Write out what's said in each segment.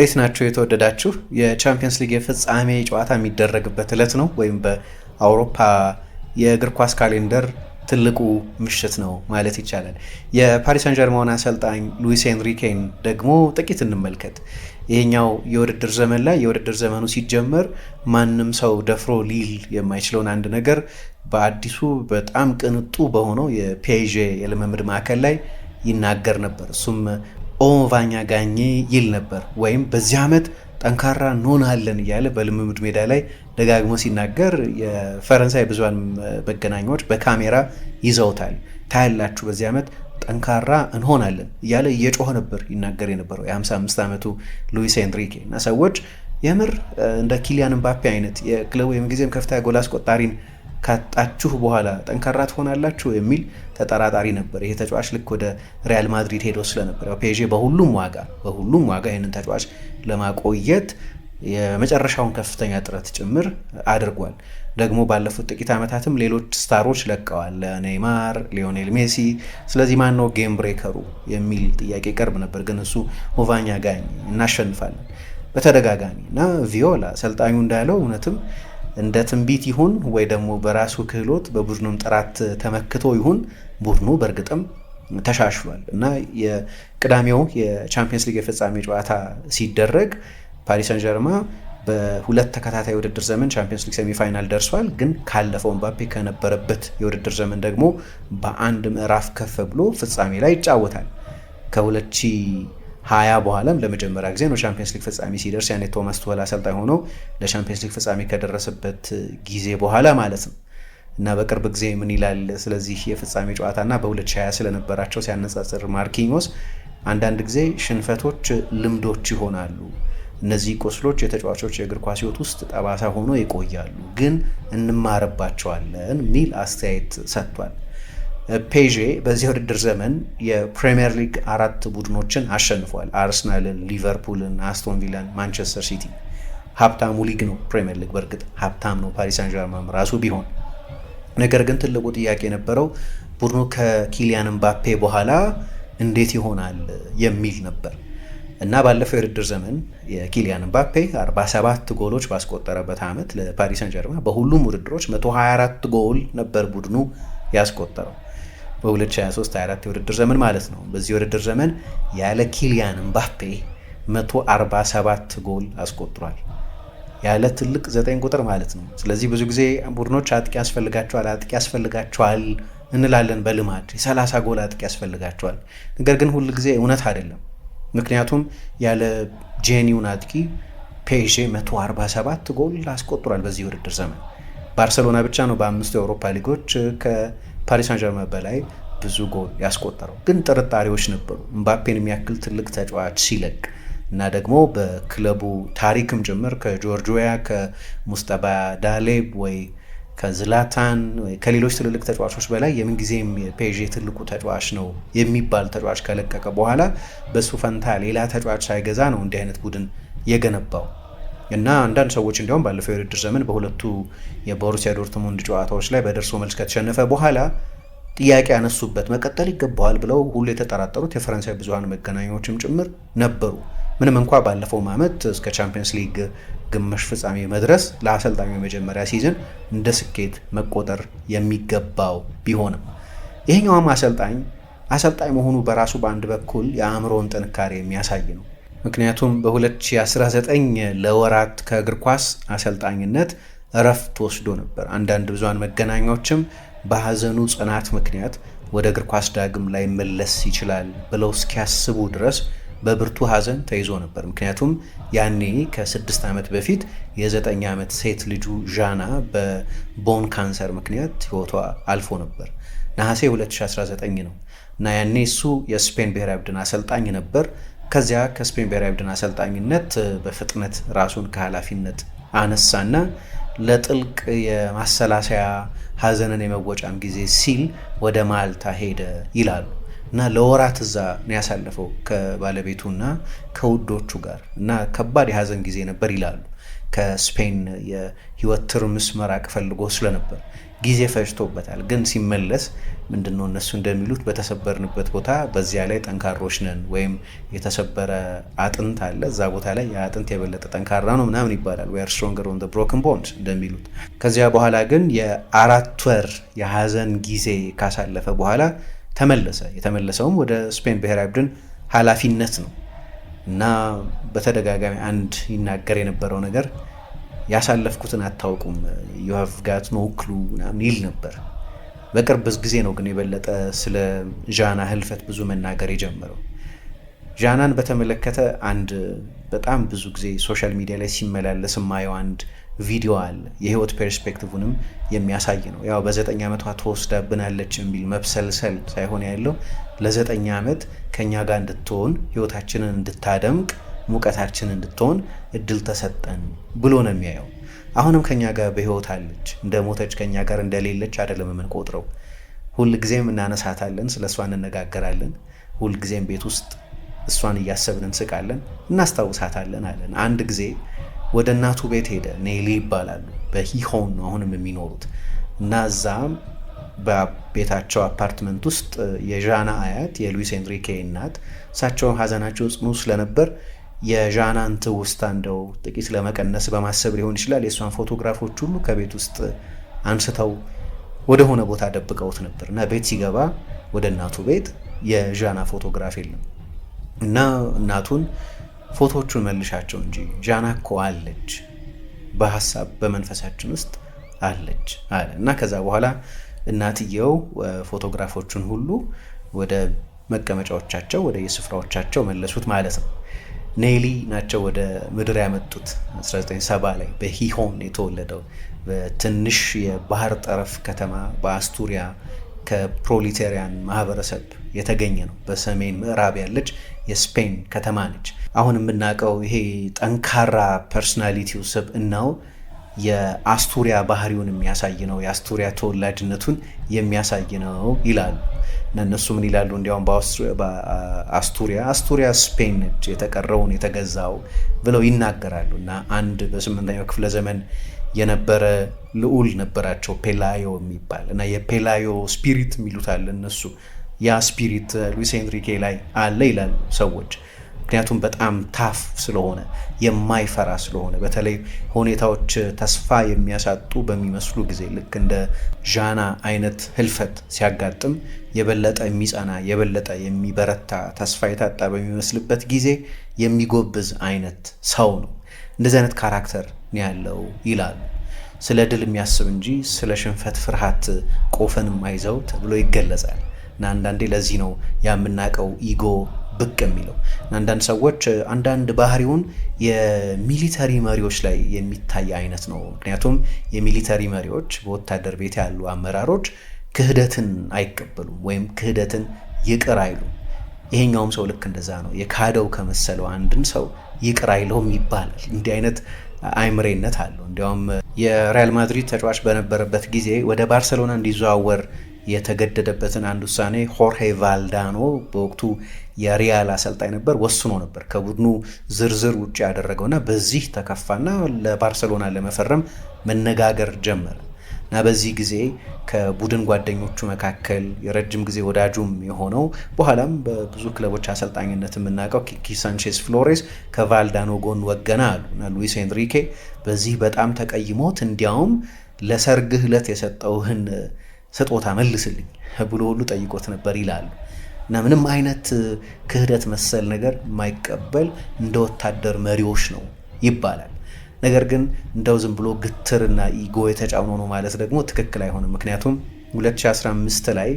እንዴት ናችሁ የተወደዳችሁ? የቻምፒየንስ ሊግ የፍጻሜ ጨዋታ የሚደረግበት እለት ነው ወይም በአውሮፓ የእግር ኳስ ካሌንደር ትልቁ ምሽት ነው ማለት ይቻላል። የፓሪስ ሳን ጀርማን አሰልጣኝ ሉዊስ ኤንሪኬን ደግሞ ጥቂት እንመልከት። ይሄኛው የውድድር ዘመን ላይ የውድድር ዘመኑ ሲጀመር ማንም ሰው ደፍሮ ሊል የማይችለውን አንድ ነገር በአዲሱ በጣም ቅንጡ በሆነው የፒኤዤ የልምምድ ማዕከል ላይ ይናገር ነበር። እሱም ኦቫኛ ጋኜ ይል ነበር ወይም በዚህ ዓመት ጠንካራ እንሆናለን እያለ በልምምድ ሜዳ ላይ ደጋግሞ ሲናገር የፈረንሳይ ብዙሃን መገናኛዎች በካሜራ ይዘውታል። ታያላችሁ በዚህ ዓመት ጠንካራ እንሆናለን እያለ እየጮኸ ነበር ይናገር የነበረው የ55 ዓመቱ ሉዊስ ኤንሪኬ እና ሰዎች የምር እንደ ኪሊያን ምባፔ አይነት የክለቡ የምንጊዜም ከፍተኛ ጎል አስቆጣሪን ካጣችሁ በኋላ ጠንካራ ትሆናላችሁ የሚል ተጠራጣሪ ነበር። ይሄ ተጫዋች ልክ ወደ ሪያል ማድሪድ ሄዶ ስለነበር ያው ፔዤ በሁሉም ዋጋ በሁሉም ዋጋ ይህንን ተጫዋች ለማቆየት የመጨረሻውን ከፍተኛ ጥረት ጭምር አድርጓል። ደግሞ ባለፉት ጥቂት ዓመታትም ሌሎች ስታሮች ለቀዋል፣ ኔይማር፣ ሊዮኔል ሜሲ። ስለዚህ ነው ጌም ብሬከሩ የሚል ጥያቄ ቀርብ ነበር፣ ግን እሱ ሙቫኛ ጋኝ እናሸንፋለን በተደጋጋሚ እና ቪዮላ አሰልጣኙ እንዳለው እውነትም እንደ ትንቢት ይሁን ወይ ደግሞ በራሱ ክህሎት በቡድኑም ጥራት ተመክቶ ይሁን ቡድኑ በእርግጥም ተሻሽሏል እና የቅዳሜው የቻምፒየንስ ሊግ የፍጻሜ ጨዋታ ሲደረግ ፓሪስ ሰን ጀርማ በሁለት ተከታታይ የውድድር ዘመን ቻምፒየንስ ሊግ ሴሚፋይናል ደርሷል። ግን ካለፈው ምባፔ ከነበረበት የውድድር ዘመን ደግሞ በአንድ ምዕራፍ ከፍ ብሎ ፍጻሜ ላይ ይጫወታል። ከ2020 በኋላም ለመጀመሪያ ጊዜ ነው ቻምፒየንስ ሊግ ፍጻሜ ሲደርስ ያኔ ቶማስ ቶላ አሰልጣኝ ሆኖ ለቻምፒየንስ ሊግ ፍጻሜ ከደረሰበት ጊዜ በኋላ ማለት ነው። እና በቅርብ ጊዜ ምን ይላል ስለዚህ የፍጻሜ ጨዋታና በ2020 ስለነበራቸው ሲያነጻጽር ማርኪኞስ አንዳንድ ጊዜ ሽንፈቶች ልምዶች ይሆናሉ። እነዚህ ቁስሎች የተጫዋቾች የእግር ኳስ ሕይወት ውስጥ ጠባሳ ሆኖ ይቆያሉ፣ ግን እንማርባቸዋለን የሚል አስተያየት ሰጥቷል። ፔዤ በዚህ ውድድር ዘመን የፕሪምየር ሊግ አራት ቡድኖችን አሸንፏል። አርሰናልን፣ ሊቨርፑልን፣ አስቶንቪላን፣ ቪላን፣ ማንቸስተር ሲቲ። ሀብታሙ ሊግ ነው ፕሪምየር ሊግ። በእርግጥ ሀብታም ነው ፓሪስ ሳን ጀርማን ራሱ ቢሆን ነገር ግን ትልቁ ጥያቄ የነበረው ቡድኑ ከኪሊያን ምባፔ በኋላ እንዴት ይሆናል የሚል ነበር እና ባለፈው የውድድር ዘመን የኪሊያን ምባፔ 47 ጎሎች ባስቆጠረበት ዓመት ለፓሪስ ሰን ጀርማ በሁሉም ውድድሮች 124 ጎል ነበር ቡድኑ ያስቆጠረው በ2023/24 የውድድር ዘመን ማለት ነው። በዚህ የውድድር ዘመን ያለ ኪሊያን ምባፔ 147 ጎል አስቆጥሯል። ያለ ትልቅ ዘጠኝ ቁጥር ማለት ነው። ስለዚህ ብዙ ጊዜ ቡድኖች አጥቂ ያስፈልጋቸዋል አጥቂ ያስፈልጋቸዋል እንላለን በልማድ የሰላሳ ጎል አጥቂ ያስፈልጋቸዋል። ነገር ግን ሁል ጊዜ እውነት አይደለም። ምክንያቱም ያለ ጄኒውን አጥቂ ፔዤ 147 ጎል አስቆጥሯል በዚህ ውድድር ዘመን። ባርሰሎና ብቻ ነው በአምስቱ የአውሮፓ ሊጎች ከፓሪስ ሳንጀርመን በላይ ብዙ ጎል ያስቆጠረው። ግን ጥርጣሬዎች ነበሩ። እምባፔን የሚያክል ትልቅ ተጫዋች ሲለቅ እና ደግሞ በክለቡ ታሪክም ጭምር ከጆርጂያ ከሙስጠባ ዳሌብ ወይ ከዝላታን ከሌሎች ትልልቅ ተጫዋቾች በላይ የምንጊዜም የፔዤ ትልቁ ተጫዋች ነው የሚባል ተጫዋች ከለቀቀ በኋላ በሱ ፈንታ ሌላ ተጫዋች ሳይገዛ ነው እንዲህ አይነት ቡድን የገነባው እና አንዳንድ ሰዎች እንዲሁም ባለፈው የውድድር ዘመን በሁለቱ የቦሩሲያ ዶርትሙንድ ጨዋታዎች ላይ በደርሶ መልስ ከተሸነፈ በኋላ ጥያቄ ያነሱበት መቀጠል ይገባዋል ብለው ሁሉ የተጠራጠሩት የፈረንሳይ ብዙሀን መገናኛዎችም ጭምር ነበሩ። ምንም እንኳ ባለፈው ዓመት እስከ ቻምፒየንስ ሊግ ግማሽ ፍጻሜ መድረስ ለአሰልጣኙ የመጀመሪያ ሲዝን እንደ ስኬት መቆጠር የሚገባው ቢሆንም ይሄኛውም አሰልጣኝ አሰልጣኝ መሆኑ በራሱ በአንድ በኩል የአእምሮን ጥንካሬ የሚያሳይ ነው። ምክንያቱም በ2019 ለወራት ከእግር ኳስ አሰልጣኝነት እረፍት ወስዶ ነበር። አንዳንድ ብዙሃን መገናኛዎችም በሀዘኑ ጽናት ምክንያት ወደ እግር ኳስ ዳግም ላይ መለስ ይችላል ብለው እስኪያስቡ ድረስ በብርቱ ሐዘን ተይዞ ነበር። ምክንያቱም ያኔ ከስድስት ዓመት በፊት የዘጠኝ ዓመት ሴት ልጁ ዣና በቦን ካንሰር ምክንያት ህይወቷ አልፎ ነበር። ነሐሴ 2019 ነው እና ያኔ እሱ የስፔን ብሔራዊ ቡድን አሰልጣኝ ነበር። ከዚያ ከስፔን ብሔራዊ ቡድን አሰልጣኝነት በፍጥነት ራሱን ከኃላፊነት አነሳና ለጥልቅ የማሰላሰያ ሐዘንን የመወጫም ጊዜ ሲል ወደ ማልታ ሄደ ይላሉ። እና ለወራት እዛ ነው ያሳለፈው ከባለቤቱና ከውዶቹ ጋር እና ከባድ የሀዘን ጊዜ ነበር ይላሉ። ከስፔን የህይወት ትርምስ መራቅ ፈልጎ ስለነበር ጊዜ ፈጅቶበታል። ግን ሲመለስ ምንድነው እነሱ እንደሚሉት በተሰበርንበት ቦታ በዚያ ላይ ጠንካሮች ነን ወይም የተሰበረ አጥንት አለ እዛ ቦታ ላይ የአጥንት የበለጠ ጠንካራ ነው ምናምን ይባላል። ዌር ስትሮንገር ኦን ብሮክን ቦንድ እንደሚሉት። ከዚያ በኋላ ግን የአራት ወር የሀዘን ጊዜ ካሳለፈ በኋላ ተመለሰ። የተመለሰውም ወደ ስፔን ብሔራዊ ቡድን ኃላፊነት ነው እና በተደጋጋሚ አንድ ይናገር የነበረው ነገር ያሳለፍኩትን አታውቁም ዩሃቭ ጋት ኖ ክሉ ምናምን ይል ነበር። በቅርብ ጊዜ ነው ግን የበለጠ ስለ ዣና ህልፈት ብዙ መናገር የጀመረው። ዣናን በተመለከተ አንድ በጣም ብዙ ጊዜ ሶሻል ሚዲያ ላይ ሲመላለስ ማየው አንድ ቪዲዮ አለ። የህይወት ፐርስፔክቲቭንም የሚያሳይ ነው። ያው በዘጠኝ ዓመቷ ተወስዳብናለች የሚል መብሰልሰል ሳይሆን ያለው ለዘጠኝ ዓመት ከእኛ ጋር እንድትሆን ህይወታችንን እንድታደምቅ ሙቀታችን እንድትሆን እድል ተሰጠን ብሎ ነው የሚያየው። አሁንም ከኛ ጋር በህይወት አለች። እንደ ሞተች ከኛ ጋር እንደሌለች አይደለም የምንቆጥረው። ሁልጊዜም እናነሳታለን፣ ስለ እሷ እንነጋገራለን። ሁልጊዜም ቤት ውስጥ እሷን እያሰብን እንስቃለን፣ እናስታውሳታለን አለን አንድ ጊዜ ወደ እናቱ ቤት ሄደ። ኔሊ ይባላሉ። በሂሆን ነው አሁንም የሚኖሩት እና እዛም በቤታቸው አፓርትመንት ውስጥ የዣና አያት የሉዊስ ኤንሪኬ እናት እሳቸውም ሀዘናቸው ጽኑ ስለነበር የዣናን ትውስታ እንደው ጥቂት ለመቀነስ በማሰብ ሊሆን ይችላል የእሷን ፎቶግራፎች ሁሉ ከቤት ውስጥ አንስተው ወደሆነ ቦታ ደብቀውት ነበር እና ቤት ሲገባ ወደ እናቱ ቤት የዣና ፎቶግራፍ የለም እና እናቱን ፎቶዎቹን መልሻቸው እንጂ ዣና እኮ አለች፣ በሀሳብ በመንፈሳችን ውስጥ አለች አለ እና ከዛ በኋላ እናትየው ፎቶግራፎቹን ሁሉ ወደ መቀመጫዎቻቸው ወደ የስፍራዎቻቸው መለሱት ማለት ነው። ኔሊ ናቸው ወደ ምድር ያመጡት 1970 ላይ በሂሆን የተወለደው በትንሽ የባህር ጠረፍ ከተማ በአስቱሪያ ከፕሮሊቴሪያን ማህበረሰብ የተገኘ ነው። በሰሜን ምዕራብ ያለች የስፔን ከተማ ነች። አሁን የምናውቀው ይሄ ጠንካራ ፐርሶናሊቲው እናው የአስቱሪያ ባህሪውን የሚያሳይ ነው፣ የአስቱሪያ ተወላጅነቱን የሚያሳይ ነው ይላሉ። እነሱ ምን ይላሉ? እንዲያውም በአስቱሪያ አስቱሪያ ስፔን ነች የተቀረውን የተገዛው ብለው ይናገራሉ። እና አንድ በስምንተኛው ክፍለ ዘመን የነበረ ልዑል ነበራቸው ፔላዮ የሚባል እና የፔላዮ ስፒሪት የሚሉታል እነሱ ያ ስፒሪት ሉዊስ ሄንሪኬ ላይ አለ ይላሉ ሰዎች። ምክንያቱም በጣም ታፍ ስለሆነ የማይፈራ ስለሆነ በተለይ ሁኔታዎች ተስፋ የሚያሳጡ በሚመስሉ ጊዜ ልክ እንደ ዣና አይነት ህልፈት ሲያጋጥም የበለጠ የሚጸና የበለጠ የሚበረታ ተስፋ የታጣ በሚመስልበት ጊዜ የሚጎብዝ አይነት ሰው ነው። እንደዚህ አይነት ካራክተር ነው ያለው ይላሉ። ስለ ድል የሚያስብ እንጂ ስለ ሽንፈት ፍርሃት ቆፈን የማይዘው ተብሎ ይገለጻል። እና አንዳንዴ ለዚህ ነው የምናውቀው ኢጎ ብቅ የሚለው አንዳንድ ሰዎች አንዳንድ ባህሪውን የሚሊተሪ መሪዎች ላይ የሚታይ አይነት ነው። ምክንያቱም የሚሊተሪ መሪዎች በወታደር ቤት ያሉ አመራሮች ክህደትን አይቀበሉም ወይም ክህደትን ይቅር አይሉም። ይሄኛውም ሰው ልክ እንደዛ ነው። የካደው ከመሰለው አንድን ሰው ይቅር አይለውም ይባላል። እንዲህ አይነት አይምሬነት አለው። እንዲያውም የሪያል ማድሪድ ተጫዋች በነበረበት ጊዜ ወደ ባርሴሎና እንዲዘዋወር የተገደደበትን አንድ ውሳኔ ሆርሄ ቫልዳኖ በወቅቱ የሪያል አሰልጣኝ ነበር፣ ወስኖ ነበር ከቡድኑ ዝርዝር ውጭ ያደረገውና በዚህ ተከፋና ለባርሰሎና ለመፈረም መነጋገር ጀመረ እና በዚህ ጊዜ ከቡድን ጓደኞቹ መካከል የረጅም ጊዜ ወዳጁም የሆነው በኋላም በብዙ ክለቦች አሰልጣኝነት የምናውቀው ኪኪ ሳንቼዝ ፍሎሬስ ከቫልዳኖ ጎን ወገና አሉ እና ሉዊስ ኤንሪኬ በዚህ በጣም ተቀይሞት እንዲያውም ለሰርግህ ዕለት የሰጠውህን ስጦታ መልስልኝ ብሎ ሁሉ ጠይቆት ነበር ይላሉ። እና ምንም አይነት ክህደት መሰል ነገር የማይቀበል እንደ ወታደር መሪዎች ነው ይባላል። ነገር ግን እንደው ዝም ብሎ ግትርና ኢጎ የተጫውኖ ነው ማለት ደግሞ ትክክል አይሆንም። ምክንያቱም 2015 ላይ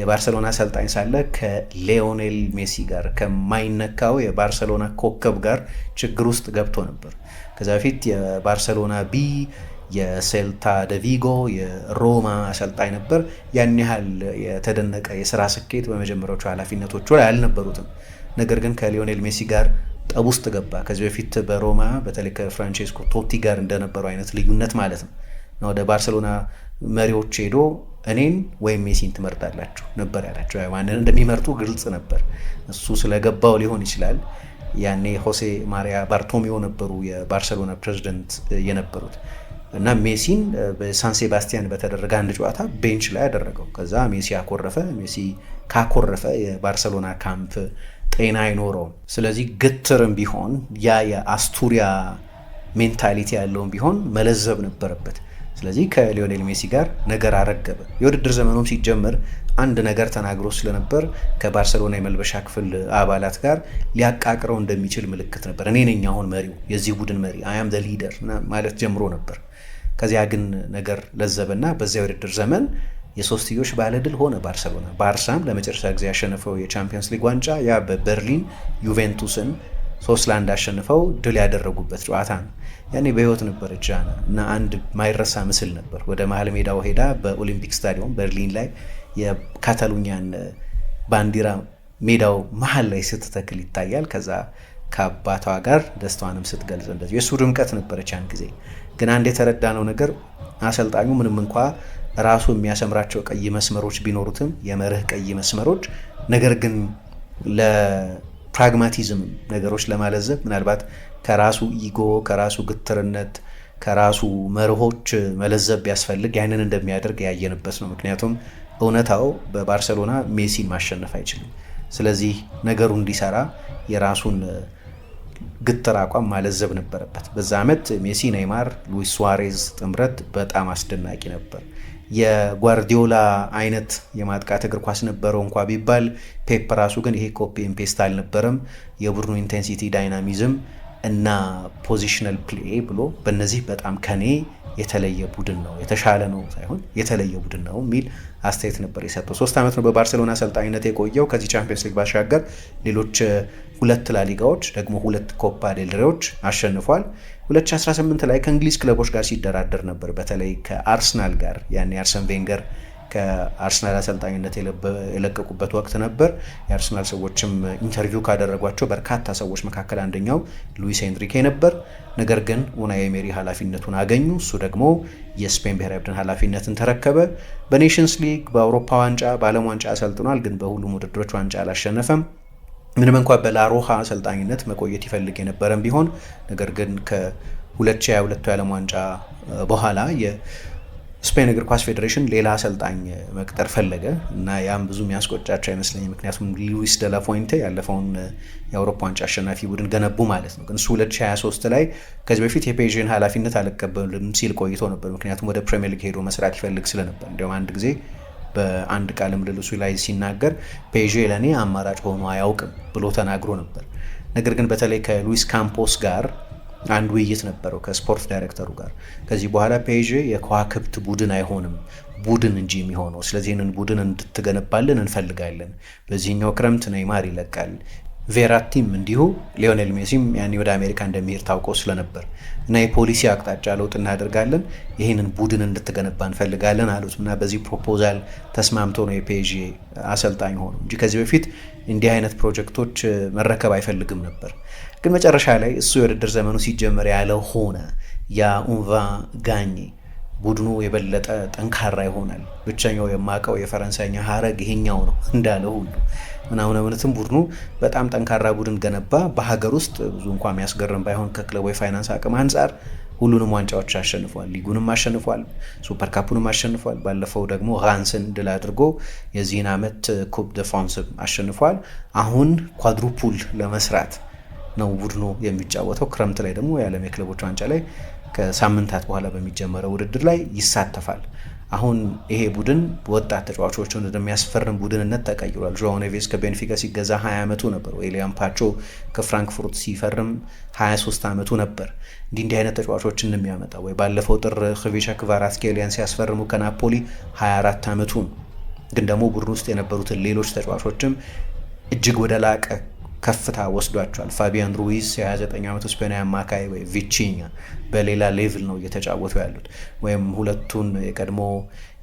የባርሰሎና አሰልጣኝ ሳለ ከሊዮኔል ሜሲ ጋር ከማይነካው የባርሰሎና ኮከብ ጋር ችግር ውስጥ ገብቶ ነበር። ከዚ በፊት የባርሰሎና ቢ የሴልታ ደቪጎ የሮማ አሰልጣኝ ነበር። ያን ያህል የተደነቀ የስራ ስኬት በመጀመሪያዎቹ ኃላፊነቶቹ ላይ አልነበሩትም። ነገር ግን ከሊዮኔል ሜሲ ጋር ጠብ ውስጥ ገባ። ከዚህ በፊት በሮማ በተለይ ከፍራንቼስኮ ቶቲ ጋር እንደነበረው አይነት ልዩነት ማለት ነው ወደ ባርሴሎና መሪዎች ሄዶ እኔን ወይም ሜሲን ትመርጣላችሁ ነበር ያላቸው። ማንን እንደሚመርጡ ግልጽ ነበር። እሱ ስለገባው ሊሆን ይችላል። ያኔ ሆሴ ማሪያ ባርቶሚዮ ነበሩ የባርሴሎና ፕሬዚደንት የነበሩት። እና ሜሲን በሳን ሴባስቲያን በተደረገ አንድ ጨዋታ ቤንች ላይ አደረገው። ከዛ ሜሲ አኮረፈ። ሜሲ ካኮረፈ የባርሰሎና ካምፕ ጤና አይኖረውም። ስለዚህ ግትርም ቢሆን ያ የአስቱሪያ ሜንታሊቲ ያለውም ቢሆን መለዘብ ነበረበት። ስለዚህ ከሊዮኔል ሜሲ ጋር ነገር አረገበ። የውድድር ዘመኑም ሲጀምር አንድ ነገር ተናግሮ ስለነበር ከባርሰሎና የመልበሻ ክፍል አባላት ጋር ሊያቃቅረው እንደሚችል ምልክት ነበር። እኔ ነኝ አሁን መሪው፣ የዚህ ቡድን መሪ አያም ዘ ሊደር ማለት ጀምሮ ነበር። ከዚያ ግን ነገር ለዘበና በዚያ ውድድር ዘመን የሶስትዮሽ ባለድል ሆነ ባርሰሎና። ባርሳም ለመጨረሻ ጊዜ ያሸነፈው የቻምፒየንስ ሊግ ዋንጫ ያ በበርሊን ዩቬንቱስን ሶስት ለአንድ አሸንፈው ድል ያደረጉበት ጨዋታ ነው። ያኔ በህይወት ነበረች ጃና እና አንድ ማይረሳ ምስል ነበር። ወደ መሀል ሜዳው ሄዳ በኦሊምፒክ ስታዲዮን በርሊን ላይ የካታሉኛን ባንዲራ ሜዳው መሀል ላይ ስትተክል ይታያል። ከዛ ከአባቷ ጋር ደስታዋንም ስትገልጽ እንደዚህ የእሱ ድምቀት ነበረች ያን ጊዜ ግን አንድ የተረዳነው ነገር አሰልጣኙ ምንም እንኳ ራሱ የሚያሰምራቸው ቀይ መስመሮች ቢኖሩትም የመርህ ቀይ መስመሮች፣ ነገር ግን ለፕራግማቲዝም ነገሮች ለማለዘብ ምናልባት ከራሱ ኢጎ ከራሱ ግትርነት ከራሱ መርሆች መለዘብ ቢያስፈልግ ያንን እንደሚያደርግ ያየንበት ነው። ምክንያቱም እውነታው በባርሰሎና ሜሲን ማሸነፍ አይችልም። ስለዚህ ነገሩ እንዲሰራ የራሱን ግትር አቋም ማለዘብ ነበረበት። በዛ ዓመት ሜሲ፣ ኔይማር፣ ሉዊስ ሱዋሬዝ ጥምረት በጣም አስደናቂ ነበር። የጓርዲዮላ አይነት የማጥቃት እግር ኳስ ነበረው እንኳ ቢባል ፔፕ ራሱ ግን ይሄ ኮፒ አልነበረም። የቡድኑ ኢንቴንሲቲ፣ ዳይናሚዝም እና ፖዚሽናል ፕሌ ብሎ በእነዚህ በጣም ከኔ የተለየ ቡድን ነው፣ የተሻለ ነው ሳይሆን የተለየ ቡድን ነው የሚል አስተያየት ነበር የሰጠው። ሶስት ዓመት ነው በባርሴሎና አሰልጣኝነት የቆየው። ከዚህ ቻምፒዮንስ ሊግ ባሻገር ሌሎች ሁለት ላሊጋዎች ደግሞ ሁለት ኮፓ ዴልሬዎች አሸንፏል። 2018 ላይ ከእንግሊዝ ክለቦች ጋር ሲደራደር ነበር፣ በተለይ ከአርሰናል ጋር ያኔ አርሰን ቬንገር ከአርሰናል አሰልጣኝነት የለቀቁበት ወቅት ነበር። የአርሰናል ሰዎችም ኢንተርቪው ካደረጓቸው በርካታ ሰዎች መካከል አንደኛው ሉዊስ ሄንሪኬ ነበር። ነገር ግን ኡናይ ኤመሪ ኃላፊነቱን አገኙ። እሱ ደግሞ የስፔን ብሔራዊ ቡድን ኃላፊነትን ተረከበ። በኔሽንስ ሊግ፣ በአውሮፓ ዋንጫ፣ በዓለም ዋንጫ አሰልጥኗል። ግን በሁሉም ውድድሮች ዋንጫ አላሸነፈም። ምንም እንኳ በላሮሃ አሰልጣኝነት መቆየት ይፈልግ የነበረም ቢሆን ነገር ግን ከ2022 የዓለም ዋንጫ በኋላ ስፔን እግር ኳስ ፌዴሬሽን ሌላ አሰልጣኝ መቅጠር ፈለገ እና ያም ብዙ የሚያስቆጫቸው አይመስለኝም። ምክንያቱም ሉዊስ ደላፎይንቴ ያለፈውን የአውሮፓ ዋንጫ አሸናፊ ቡድን ገነቡ ማለት ነው። ግን እሱ 2023 ላይ ከዚህ በፊት የፔዥን ኃላፊነት አልቀበልም ሲል ቆይቶ ነበር። ምክንያቱም ወደ ፕሪሚየር ሊግ ሄዶ መስራት ይፈልግ ስለነበር እንዲሁም አንድ ጊዜ በአንድ ቃለ ምልልሱ ላይ ሲናገር ፔዥ ለእኔ አማራጭ ሆኖ አያውቅም ብሎ ተናግሮ ነበር። ነገር ግን በተለይ ከሉዊስ ካምፖስ ጋር አንድ ውይይት ነበረው ከስፖርት ዳይሬክተሩ ጋር። ከዚህ በኋላ ፔዥ የከዋክብት ቡድን አይሆንም ቡድን እንጂ የሚሆነው ስለዚህ ይህንን ቡድን እንድትገነባልን እንፈልጋለን። በዚህኛው ክረምት ነይማር ይለቃል፣ ቬራቲም እንዲሁ፣ ሊዮኔል ሜሲም ያኔ ወደ አሜሪካ እንደሚሄድ ታውቆ ስለነበር እና የፖሊሲ አቅጣጫ ለውጥ እናደርጋለን፣ ይህንን ቡድን እንድትገነባ እንፈልጋለን አሉት እና በዚህ ፕሮፖዛል ተስማምቶ ነው የፔዥ አሰልጣኝ ሆኑ እንጂ ከዚህ በፊት እንዲህ አይነት ፕሮጀክቶች መረከብ አይፈልግም ነበር። ግን መጨረሻ ላይ እሱ የውድድር ዘመኑ ሲጀመር ያለው ሆነ። የኡንቫ ጋኝ ቡድኑ የበለጠ ጠንካራ ይሆናል። ብቸኛው የማቀው የፈረንሳይኛ ሀረግ ይሄኛው ነው እንዳለ ሁሉ ምናምን እውነትም ቡድኑ በጣም ጠንካራ ቡድን ገነባ። በሀገር ውስጥ ብዙ እንኳ የሚያስገርም ባይሆን ከክለቡ የፋይናንስ አቅም አንጻር ሁሉንም ዋንጫዎች አሸንፏል። ሊጉንም አሸንፏል፣ ሱፐር ካፑንም አሸንፏል። ባለፈው ደግሞ ራንስን ድል አድርጎ የዚህን ዓመት ኩፕ ደ ፍራንስም አሸንፏል። አሁን ኳድሩፑል ለመስራት ነው ቡድኑ የሚጫወተው። ክረምት ላይ ደግሞ የዓለም የክለቦች ዋንጫ ላይ ከሳምንታት በኋላ በሚጀመረው ውድድር ላይ ይሳተፋል። አሁን ይሄ ቡድን ወጣት ተጫዋቾችን እንደሚያስፈርም ቡድንነት ተቀይሯል። ጆዋ ኔቬዝ ከቤንፊካ ሲገዛ 20 ዓመቱ ነበር። ኤሊያን ፓቾ ከፍራንክፉርት ሲፈርም 23 ዓመቱ ነበር። እንዲህ እንዲህ አይነት ተጫዋቾችን የሚያመጣ ወይ ባለፈው ጥር ክቪቻ ክቫራትስኬሊያን ሲያስፈርሙ ከናፖሊ 24 ዓመቱ ነው። ግን ደግሞ ቡድን ውስጥ የነበሩትን ሌሎች ተጫዋቾችም እጅግ ወደ ላቀ ከፍታ ወስዷቸዋል። ፋቢያን ሩይዝ የ29 ዓመቱ ስፔናዊ አማካይ ወይ ቪቺኛ በሌላ ሌቭል ነው እየተጫወቱ ያሉት። ወይም ሁለቱን የቀድሞ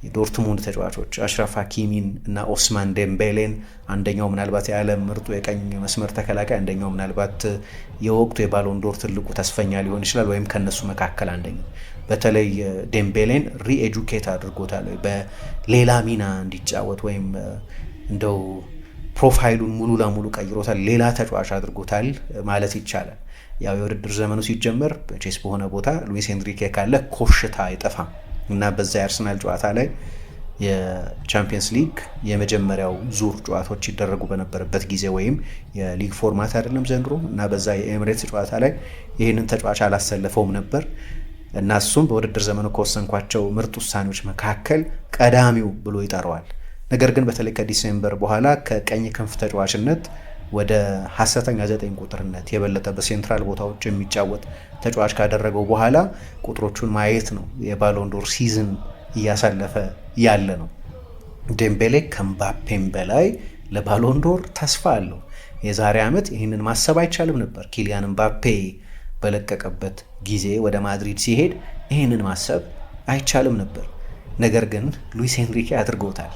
የዶርትሙንድ ተጫዋቾች አሽራፍ ሀኪሚን እና ኦስማን ዴምቤሌን አንደኛው ምናልባት የዓለም ምርጡ የቀኝ መስመር ተከላካይ፣ አንደኛው ምናልባት የወቅቱ የባሎንዶር ትልቁ ተስፈኛ ሊሆን ይችላል ወይም ከነሱ መካከል አንደኛው። በተለይ ዴምቤሌን ሪኤጁኬት አድርጎታል በሌላ ሚና እንዲጫወት ወይም እንደው ፕሮፋይሉን ሙሉ ለሙሉ ቀይሮታል፣ ሌላ ተጫዋች አድርጎታል ማለት ይቻላል። ያው የውድድር ዘመኑ ሲጀመር ቼስ በሆነ ቦታ ሉዊስ ሄንሪኬ ካለ ኮሽታ አይጠፋም እና በዛ የአርሰናል ጨዋታ ላይ የቻምፒየንስ ሊግ የመጀመሪያው ዙር ጨዋታዎች ሲደረጉ በነበረበት ጊዜ ወይም የሊግ ፎርማት አይደለም ዘንድሮ እና በዛ የኤምሬትስ ጨዋታ ላይ ይህንን ተጫዋች አላሰለፈውም ነበር እና እሱም በውድድር ዘመኑ ከወሰንኳቸው ምርጥ ውሳኔዎች መካከል ቀዳሚው ብሎ ይጠራዋል። ነገር ግን በተለይ ከዲሴምበር በኋላ ከቀኝ ክንፍ ተጫዋችነት ወደ ሀሰተኛ ዘጠኝ ቁጥርነት የበለጠ በሴንትራል ቦታዎች የሚጫወት ተጫዋች ካደረገው በኋላ ቁጥሮቹን ማየት ነው። የባሎንዶር ሲዝን እያሳለፈ ያለ ነው። ዴምቤሌ ከምባፔም በላይ ለባሎንዶር ተስፋ አለው። የዛሬ ዓመት ይህንን ማሰብ አይቻልም ነበር። ኪሊያን ምባፔ በለቀቀበት ጊዜ ወደ ማድሪድ ሲሄድ ይህንን ማሰብ አይቻልም ነበር። ነገር ግን ሉዊስ ሄንሪኬ አድርጎታል።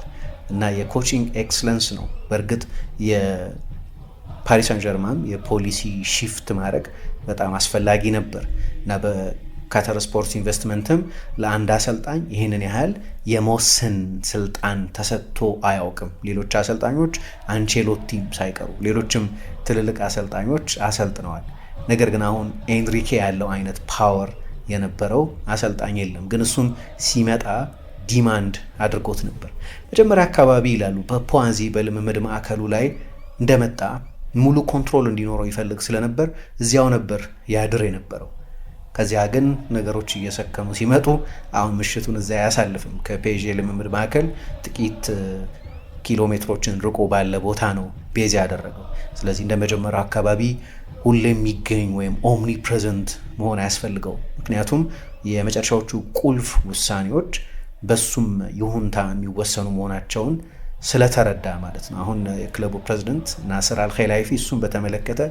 እና የኮቺንግ ኤክስለንስ ነው። በእርግጥ የፓሪስ ጀርማን የፖሊሲ ሺፍት ማድረግ በጣም አስፈላጊ ነበር እና በካተር ስፖርት ኢንቨስትመንትም ለአንድ አሰልጣኝ ይህንን ያህል የመወሰን ስልጣን ተሰጥቶ አያውቅም። ሌሎች አሰልጣኞች አንቼሎቲም ሳይቀሩ ሌሎችም ትልልቅ አሰልጣኞች አሰልጥነዋል። ነገር ግን አሁን ኤንሪኬ ያለው አይነት ፓወር የነበረው አሰልጣኝ የለም። ግን እሱም ሲመጣ ዲማንድ አድርጎት ነበር። መጀመሪያ አካባቢ ይላሉ በፖዋዚ በልምምድ ማዕከሉ ላይ እንደመጣ ሙሉ ኮንትሮል እንዲኖረው ይፈልግ ስለነበር እዚያው ነበር ያድር የነበረው። ከዚያ ግን ነገሮች እየሰከኑ ሲመጡ አሁን ምሽቱን እዚያ አያሳልፍም። ከፔዥ ልምምድ ማዕከል ጥቂት ኪሎ ሜትሮችን ርቆ ባለ ቦታ ነው ቤዝ ያደረገው። ስለዚህ እንደ መጀመሪያው አካባቢ ሁሌ የሚገኝ ወይም ኦምኒ ፕሬዘንት መሆን አያስፈልገው። ምክንያቱም የመጨረሻዎቹ ቁልፍ ውሳኔዎች በሱም ይሁንታ የሚወሰኑ መሆናቸውን ስለተረዳ ማለት ነው። አሁን የክለቡ ፕሬዚደንት ናስር አልኸላይፊ እሱን በተመለከተ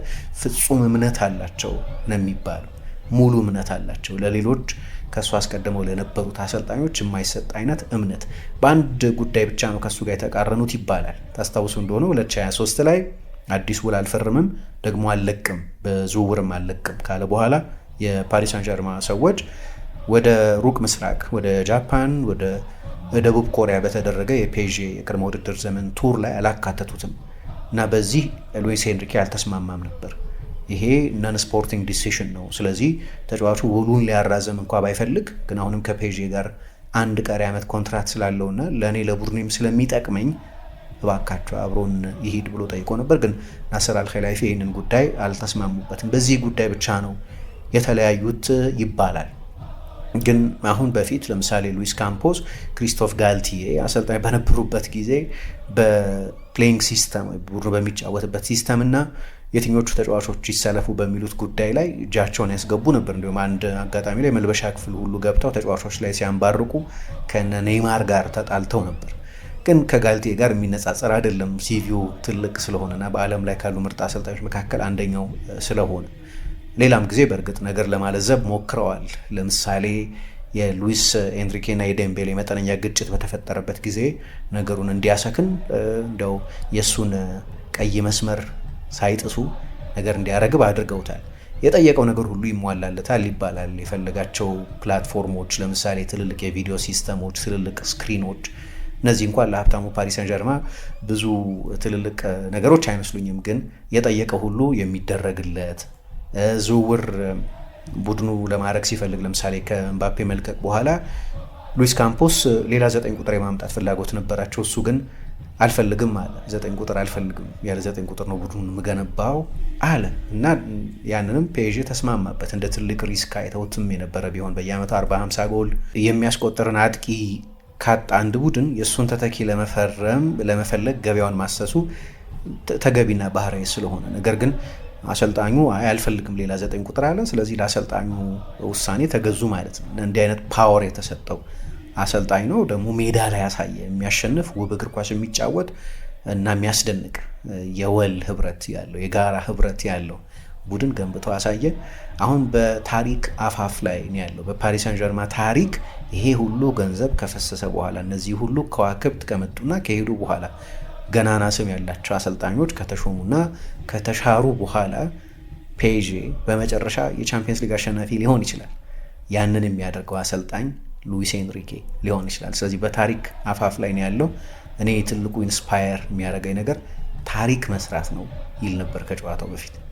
ፍጹም እምነት አላቸው ነው የሚባለው። ሙሉ እምነት አላቸው። ለሌሎች ከእሱ አስቀድመው ለነበሩት አሰልጣኞች የማይሰጥ አይነት እምነት። በአንድ ጉዳይ ብቻ ነው ከእሱ ጋር የተቃረኑት ይባላል። ታስታውሱ እንደሆነ 2023 ላይ አዲስ ውል አልፈርምም ደግሞ አልለቅም፣ በዝውውርም አልለቅም ካለ በኋላ የፓሪስ ሳን ጀርማ ሰዎች ወደ ሩቅ ምስራቅ ወደ ጃፓን፣ ወደ ደቡብ ኮሪያ በተደረገ የፔዤ የቅድመ ውድድር ዘመን ቱር ላይ አላካተቱትም እና በዚህ ሉዊስ ሄንሪኬ አልተስማማም ነበር። ይሄ ነን ስፖርቲንግ ዲሲሽን ነው። ስለዚህ ተጫዋቹ ውሉን ሊያራዘም እንኳ ባይፈልግ ግን አሁንም ከፔዤ ጋር አንድ ቀሪ ዓመት ኮንትራት ስላለውና ለእኔ ለቡድኔም ስለሚጠቅመኝ እባካቸው አብሮን ይሂድ ብሎ ጠይቆ ነበር። ግን ናስር አልኸላይፊ ይህንን ጉዳይ አልተስማሙበትም። በዚህ ጉዳይ ብቻ ነው የተለያዩት ይባላል። ግን አሁን በፊት ለምሳሌ ሉዊስ ካምፖስ፣ ክሪስቶፍ ጋልቲዬ አሰልጣኝ በነበሩበት ጊዜ በፕሌይንግ ሲስተም ቡድኑ በሚጫወትበት ሲስተም እና የትኞቹ ተጫዋቾች ይሰለፉ በሚሉት ጉዳይ ላይ እጃቸውን ያስገቡ ነበር። እንዲሁም አንድ አጋጣሚ ላይ መልበሻ ክፍል ሁሉ ገብተው ተጫዋቾች ላይ ሲያንባርቁ ከነ ኔይማር ጋር ተጣልተው ነበር። ግን ከጋልቴ ጋር የሚነጻጸር አይደለም፣ ሲቪው ትልቅ ስለሆነና በዓለም ላይ ካሉ ምርጥ አሰልጣኞች መካከል አንደኛው ስለሆነ ሌላም ጊዜ በእርግጥ ነገር ለማለዘብ ሞክረዋል። ለምሳሌ የሉዊስ ኤንሪኬና የዴምቤሌ የመጠነኛ ግጭት በተፈጠረበት ጊዜ ነገሩን እንዲያሰክን እንደው የእሱን ቀይ መስመር ሳይጥሱ ነገር እንዲያረግብ አድርገውታል። የጠየቀው ነገር ሁሉ ይሟላለታል ይባላል። የፈለጋቸው ፕላትፎርሞች ለምሳሌ ትልልቅ የቪዲዮ ሲስተሞች፣ ትልልቅ ስክሪኖች እነዚህ እንኳን ለሀብታሙ ፓሪስ ጀርማ ብዙ ትልልቅ ነገሮች አይመስሉኝም። ግን የጠየቀው ሁሉ የሚደረግለት ዝውውር ቡድኑ ለማድረግ ሲፈልግ ለምሳሌ ከምባፔ መልቀቅ በኋላ ሉዊስ ካምፖስ ሌላ ዘጠኝ ቁጥር የማምጣት ፍላጎት ነበራቸው። እሱ ግን አልፈልግም አለ። ዘጠኝ ቁጥር አልፈልግም፣ ያለ ዘጠኝ ቁጥር ነው ቡድኑን የምገነባው አለ እና ያንንም ፔዥ ተስማማበት። እንደ ትልቅ ሪስክ አይተውትም የነበረ ቢሆን በየአመቱ 450 ጎል የሚያስቆጥርን አጥቂ ካጣ አንድ ቡድን የእሱን ተተኪ ለመፈረም ለመፈለግ ገበያውን ማሰሱ ተገቢና ባህራዊ ስለሆነ ነገር ግን አሰልጣኙ አልፈልግም ሌላ ዘጠኝ ቁጥር አለን፣ ስለዚህ ለአሰልጣኙ ውሳኔ ተገዙ ማለት ነው። እንዲህ አይነት ፓወር የተሰጠው አሰልጣኝ ነው ደግሞ ሜዳ ላይ ያሳየ የሚያሸንፍ ውብ እግር ኳስ የሚጫወት እና የሚያስደንቅ የወል ህብረት ያለው የጋራ ህብረት ያለው ቡድን ገንብተው አሳየ። አሁን በታሪክ አፋፍ ላይ ነው ያለው በፓሪስ ሳን ጀርማ ታሪክ። ይሄ ሁሉ ገንዘብ ከፈሰሰ በኋላ እነዚህ ሁሉ ከዋክብት ከመጡና ከሄዱ በኋላ ገናና ስም ያላቸው አሰልጣኞች ከተሾሙና ከተሻሩ በኋላ ፔዤ በመጨረሻ የቻምፒየንስ ሊግ አሸናፊ ሊሆን ይችላል። ያንን የሚያደርገው አሰልጣኝ ሉዊስ ኤንሪኬ ሊሆን ይችላል። ስለዚህ በታሪክ አፋፍ ላይ ነው ያለው። እኔ ትልቁ ኢንስፓየር የሚያደርገኝ ነገር ታሪክ መስራት ነው ይል ነበር ከጨዋታው በፊት።